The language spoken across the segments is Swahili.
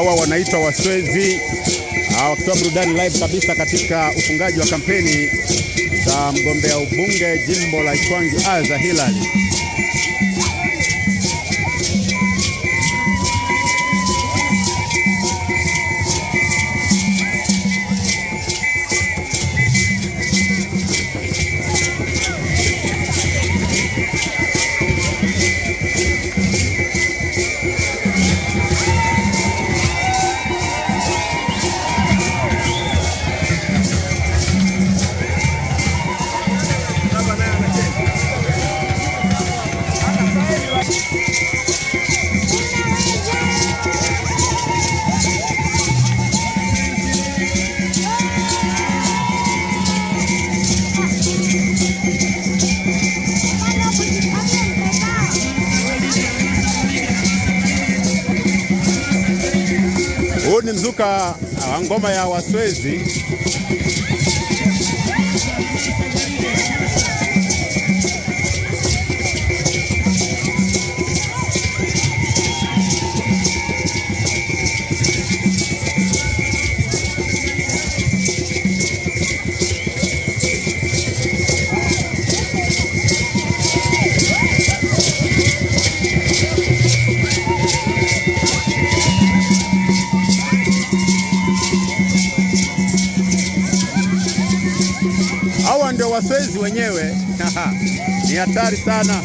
hawa wanaitwa Waswezi ah, wakitoa burudani live kabisa katika ufungaji wa kampeni za mgombea ubunge jimbo la Ikwangi Aza Hilali. Mzuka ngoma ya Waswezi mazoezi wenyewe ni hatari sana.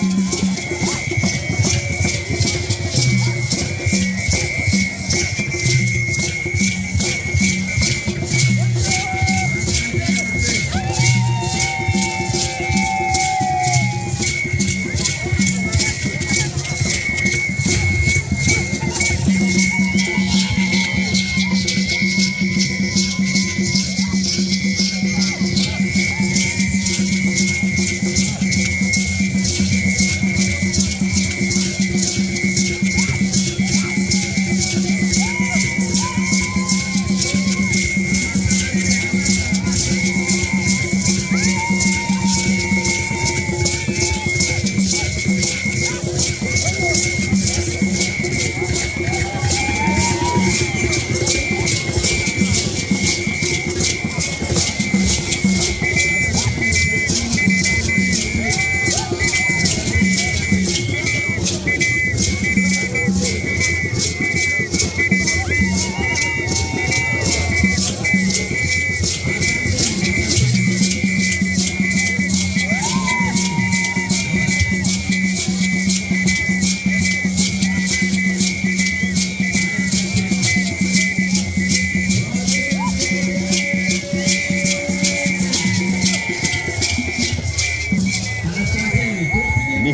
Thank you.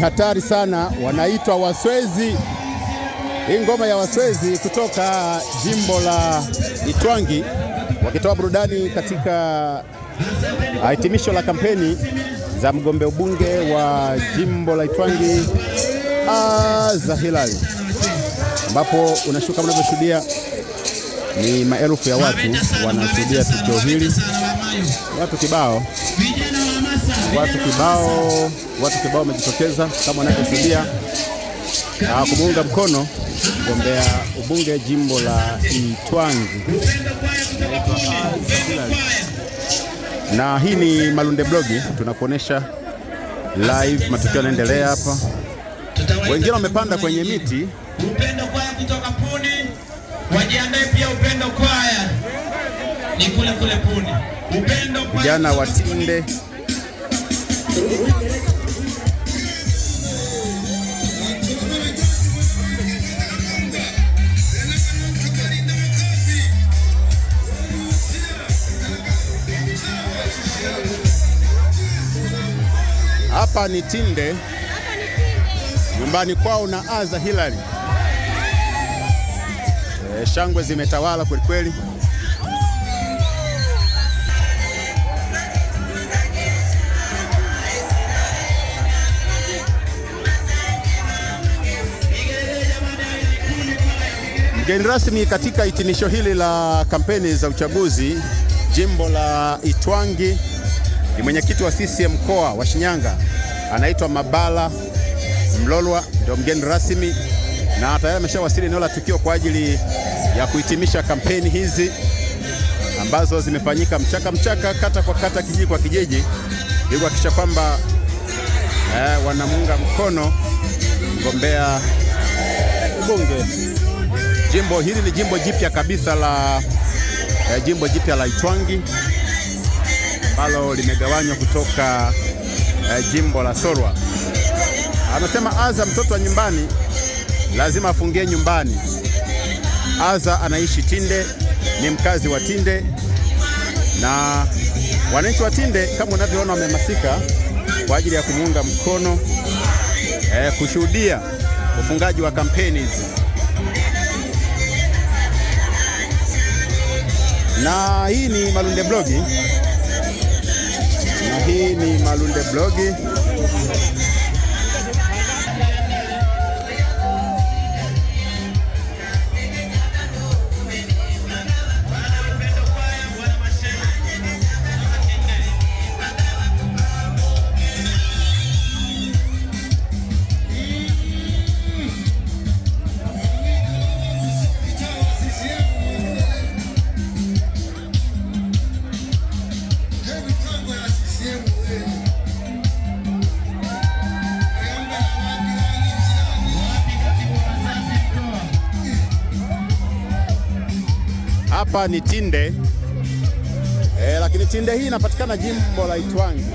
hatari sana, wanaitwa Waswezi. Hii ngoma ya Waswezi kutoka jimbo la Itwangi wakitoa burudani katika hitimisho la kampeni za mgombea ubunge wa jimbo la Itwangi za Hilali, ambapo unashuka mnavyoshuhudia ni maelfu ya watu wanashuhudia tukio hili, watu kibao, watu kibao, watu kibao wamejitokeza kama wanavyoshuhudia kumuunga mkono mgombea ubunge jimbo la Itwangi na hii ni Malunde Blogi, tunakuonesha live matukio yanaendelea hapa. Wengine wamepanda kwenye miti ni kule kule Puni. Upendo kwa vijana wa Tinde hapa ni Tinde nyumbani kwao na Aza Hilary. E, eh, shangwe zimetawala kwelikweli. Mgeni rasmi katika hitimisho hili la kampeni za uchaguzi jimbo la Itwangi ni mwenyekiti wa CCM mkoa wa Shinyanga, anaitwa Mabala Mlolwa, ndio mgeni rasmi na tayari ameshawasili eneo la tukio kwa ajili ya kuhitimisha kampeni hizi ambazo zimefanyika mchaka mchaka, kata kwa kata, kijiji kwa kijiji, ili kuhakikisha kwamba eh, wanamuunga mkono mgombea ubunge Jimbo hili ni jimbo jipya kabisa la eh, jimbo jipya la Itwangi ambalo limegawanywa kutoka eh, jimbo la Sorwa. Anasema Aza, mtoto wa nyumbani lazima afungie nyumbani. Aza anaishi Tinde, ni mkazi wa Tinde na wananchi wa Tinde kama unavyoona wamehamasika kwa ajili ya kumuunga mkono eh, kushuhudia ufungaji wa kampeni hizi. na hii ni Malunde Blogi, na hii ni Malunde Blogi. hapa ni Tinde e, lakini Tinde hii inapatikana jimbo la Itwangi,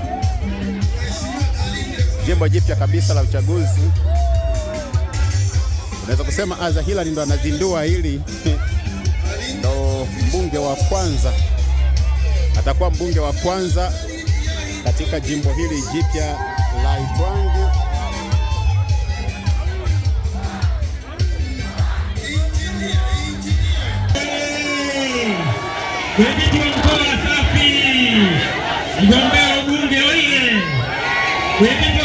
jimbo jipya kabisa la uchaguzi. Unaweza kusema Aza Hilali ndo anazindua hili ndo mbunge wa kwanza, atakuwa mbunge wa kwanza katika jimbo hili jipya la Itwangi. Mwenyekiti wa mkoa safi, mgombea ubunge oye!